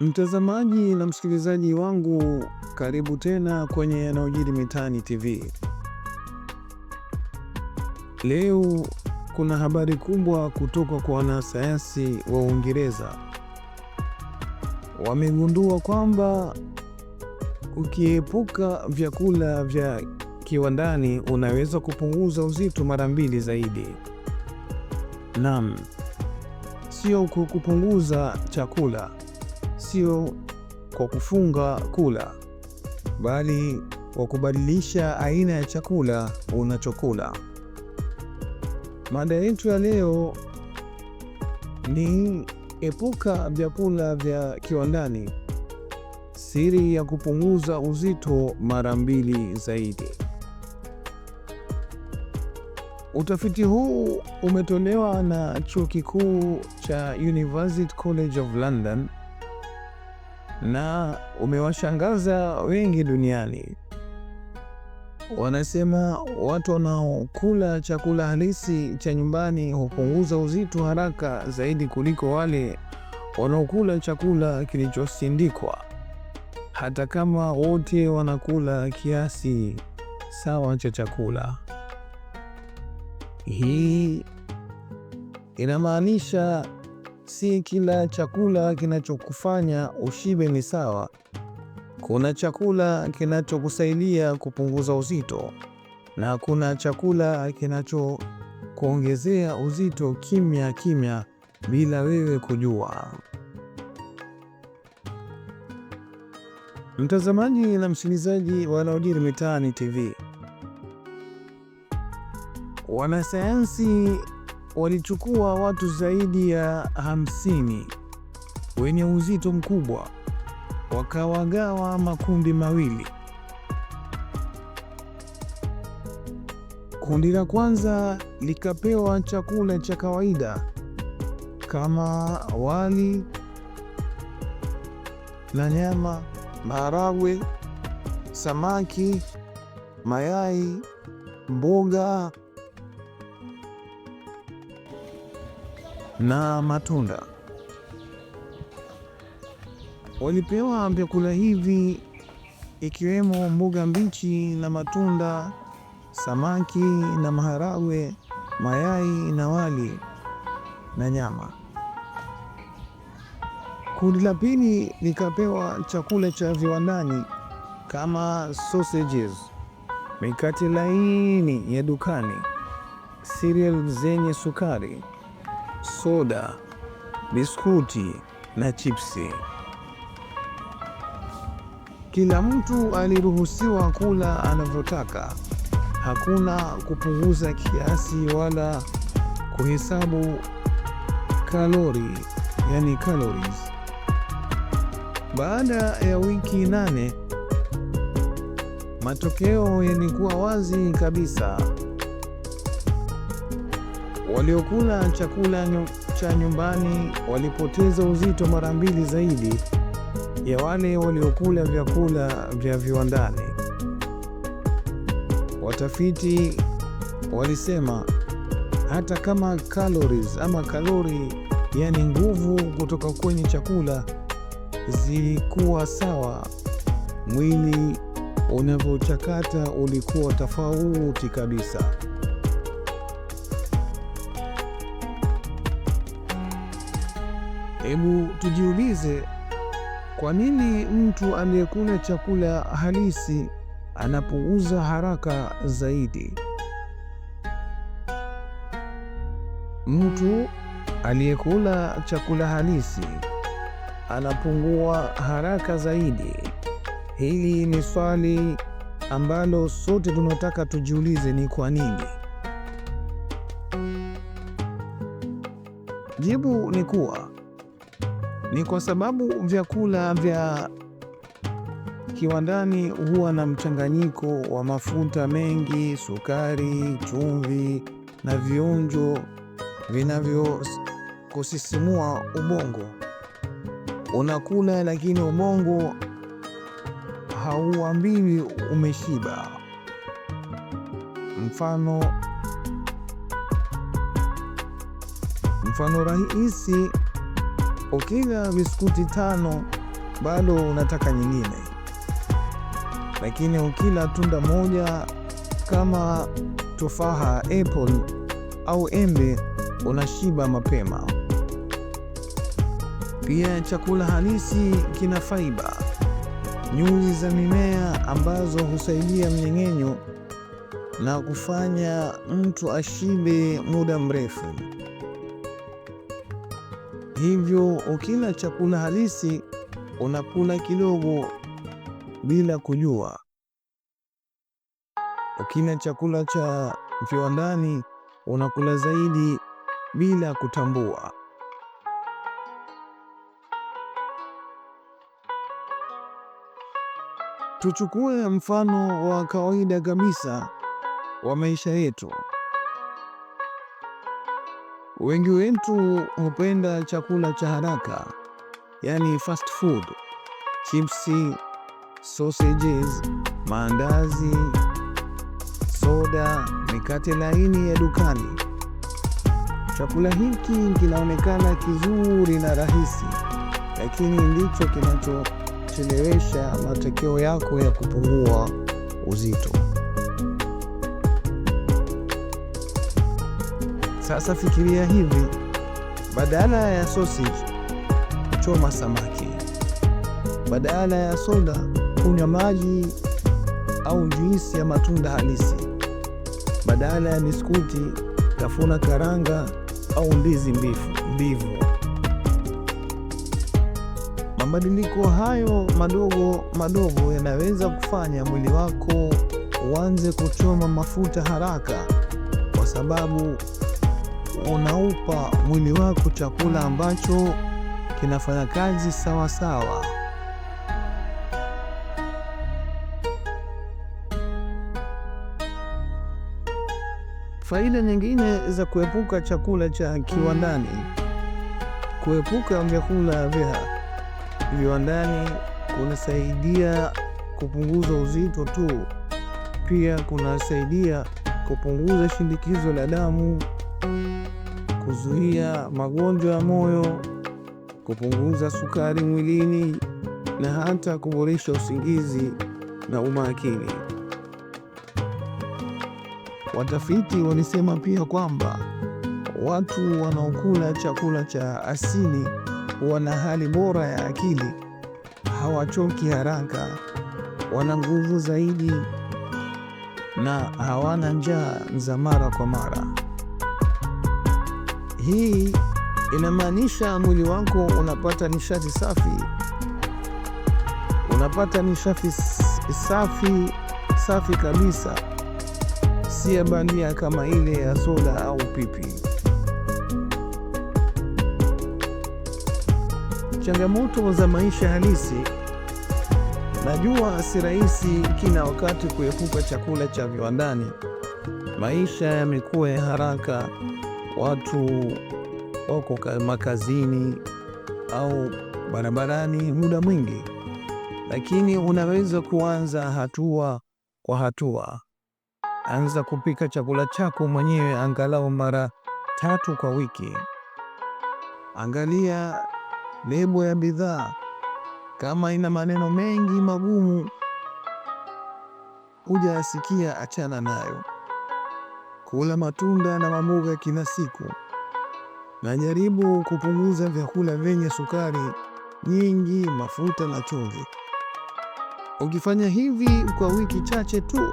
Mtazamaji na msikilizaji wangu, karibu tena kwenye yanayojiri mitaani TV. Leo kuna habari kubwa kutoka kwa wanasayansi wa Uingereza. Wamegundua kwamba ukiepuka vyakula vya kiwandani unaweza kupunguza uzito mara mbili zaidi. Naam, sio kupunguza chakula sio kwa kufunga kula, bali kwa kubadilisha aina ya chakula unachokula. Mada yetu ya leo ni epuka vyakula vya kiwandani, siri ya kupunguza uzito mara mbili zaidi. Utafiti huu umetolewa na chuo kikuu cha University College of London na umewashangaza wengi duniani. Wanasema watu wanaokula chakula halisi cha nyumbani hupunguza uzito haraka zaidi kuliko wale wanaokula chakula kilichosindikwa, hata kama wote wanakula kiasi sawa cha chakula. Hii inamaanisha si kila chakula kinachokufanya ushibe ni sawa. Kuna chakula kinachokusaidia kupunguza uzito na kuna chakula kinachokuongezea uzito kimya kimya bila wewe kujua. Mtazamaji na msikilizaji wa yanayojiri mitaani TV, wanasayansi walichukua watu zaidi ya hamsini wenye uzito mkubwa wakawagawa makundi mawili. Kundi la kwanza likapewa chakula cha kawaida kama wali na nyama, maharagwe, samaki, mayai, mboga na matunda. Walipewa vyakula hivi ikiwemo mboga mbichi na matunda, samaki na maharagwe, mayai na wali na nyama. Kundi la pili likapewa chakula cha viwandani kama sausages, mikate laini ya dukani, cereal zenye sukari soda, biskuti na chipsi. Kila mtu aliruhusiwa kula anavyotaka. Hakuna kupunguza kiasi wala kuhesabu kalori, yani calories. Baada ya wiki nane, matokeo yalikuwa wazi kabisa. Waliokula chakula cha nyumbani walipoteza uzito mara mbili zaidi ya wale waliokula vyakula vya viwandani. Watafiti walisema hata kama calories ama kalori, yani nguvu kutoka kwenye chakula zilikuwa sawa, mwili unavyochakata ulikuwa tofauti kabisa. Hebu tujiulize, kwa nini mtu anayekula chakula halisi anapunguza haraka zaidi? Mtu aliyekula chakula halisi anapungua haraka zaidi. Hili ni swali ambalo sote tunataka tujiulize, ni kwa nini? Jibu ni kuwa ni kwa sababu vyakula vya kiwandani huwa na mchanganyiko wa mafuta mengi, sukari, chumvi na vionjo vinavyokusisimua ubongo. Unakula lakini ubongo hauambiwi umeshiba. Mfano mfano rahisi ukila biskuti tano bado unataka nyingine, lakini ukila tunda moja kama tufaha, apple au embe unashiba mapema. Pia chakula halisi kina faiba, nyuzi za mimea ambazo husaidia mmeng'enyo na kufanya mtu ashibe muda mrefu. Hivyo ukila chakula halisi unakula kidogo bila kujua. Ukila chakula cha viwandani unakula zaidi bila kutambua. Tuchukue mfano wa kawaida kabisa wa maisha yetu. Wengi wetu hupenda chakula cha haraka, yaani fast food, chipsi, sausages, maandazi, soda, mikate laini ya dukani. Chakula hiki kinaonekana kizuri na rahisi, lakini ndicho kinachochelewesha matokeo yako ya kupungua uzito. Sasa fikiria hivi, badala ya sausage choma samaki, badala ya soda kunywa maji au juisi ya matunda halisi, badala ya biskuti tafuna karanga au ndizi mbivu mbivu. Mabadiliko hayo madogo madogo yanaweza kufanya mwili wako uanze kuchoma mafuta haraka kwa sababu unaupa mwili wako chakula ambacho kinafanya kazi sawa sawa. Faida nyingine za kuepuka chakula cha kiwandani. Kuepuka vyakula vya viwandani kunasaidia kupunguza uzito tu, pia kunasaidia kupunguza shinikizo la damu kuzuia magonjwa ya moyo, kupunguza sukari mwilini na hata kuboresha usingizi na umakini. Watafiti walisema pia kwamba watu wanaokula chakula cha asili wana hali bora ya akili, hawachoki haraka, wana nguvu zaidi na hawana njaa za mara kwa mara. Hii inamaanisha mwili wako unapata nishati safi, unapata nishati safi safi kabisa, si ya bandia kama ile ya soda au pipi. Changamoto za maisha halisi. Najua si rahisi kila wakati kuepuka chakula cha viwandani. Maisha yamekuwa ya haraka watu wako makazini au barabarani muda mwingi, lakini unaweza kuanza hatua kwa hatua. Anza kupika chakula chako mwenyewe angalau mara tatu kwa wiki. Angalia lebo ya bidhaa, kama ina maneno mengi magumu hujayasikia, achana nayo kula matunda na mamboga kila siku. Najaribu kupunguza vyakula vyenye sukari nyingi, mafuta na chumvi. Ukifanya hivi kwa wiki chache tu,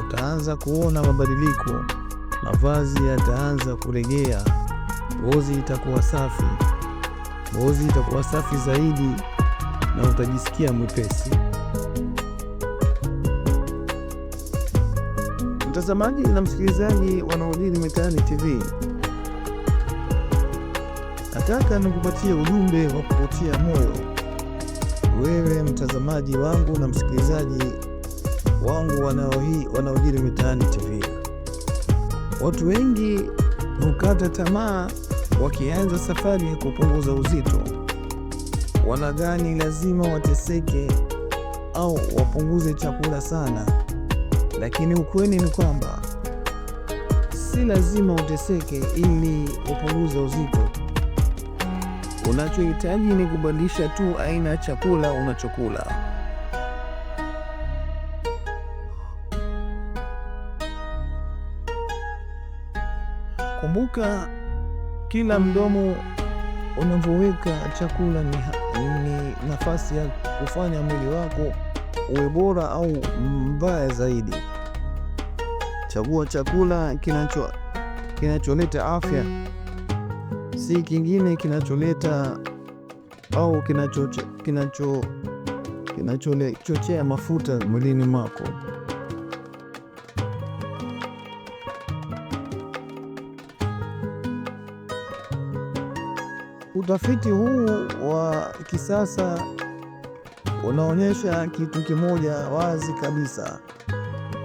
utaanza kuona mabadiliko. Mavazi yataanza kuregea ngozi itakuwa safi, ngozi itakuwa safi zaidi na utajisikia mwepesi. mtazamaji na msikilizaji wanaojiri mitaani TV, nataka nikupatie ujumbe wa kukutia moyo wewe mtazamaji wangu na msikilizaji wangu wanaojiri mitaani TV. Watu wengi hukata tamaa wakianza safari ya kupunguza uzito. Wanadhani lazima wateseke au wapunguze chakula sana lakini ukweli ni kwamba si lazima uteseke ili upunguze uzito. Unachohitaji ni kubadilisha tu aina ya chakula unachokula. Kumbuka, kila mdomo unavyoweka chakula ni, ni nafasi ya kufanya mwili wako uwe eh, bora au mbaya zaidi. Chagua chakula kinacho kinacholeta afya, si kingine kinacholeta au kinachochochea kinacho, kinacho mafuta mwilini mwako. Utafiti huu wa kisasa unaonyesha kitu kimoja wazi kabisa: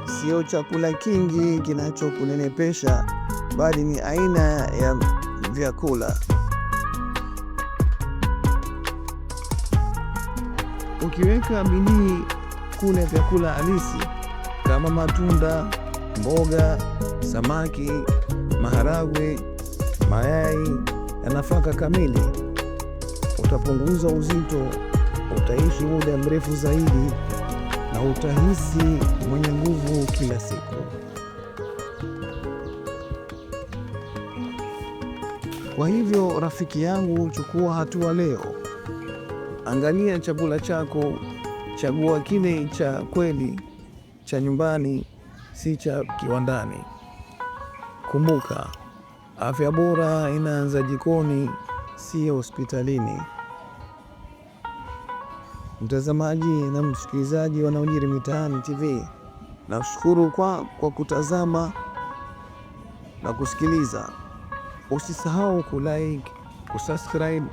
sio chakula kingi kinachokunenepesha, bali ni aina ya vyakula. Ukiweka bidii kule vyakula halisi kama matunda, mboga, samaki, maharagwe, mayai na nafaka kamili, utapunguza uzito utaishi muda mrefu zaidi na utahisi mwenye nguvu kila siku. Kwa hivyo rafiki yangu, chukua hatua leo. Angalia chakula chako, chagua kile cha kweli cha nyumbani, si cha kiwandani. Kumbuka, afya bora inaanza jikoni, sio hospitalini mtazamaji na msikilizaji yanayojiri mitaani TV. Nashukuru kwa, kwa kutazama na kusikiliza. Usisahau kulike, kusubscribe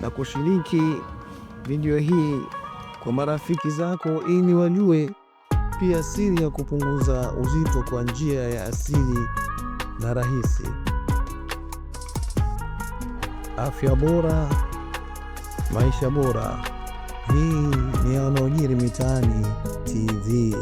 na kushiriki video hii kwa marafiki zako ili wajue pia siri ya kupunguza uzito kwa njia ya asili na rahisi. Afya bora, maisha bora. Hii ni yanayojiri mitaani TV.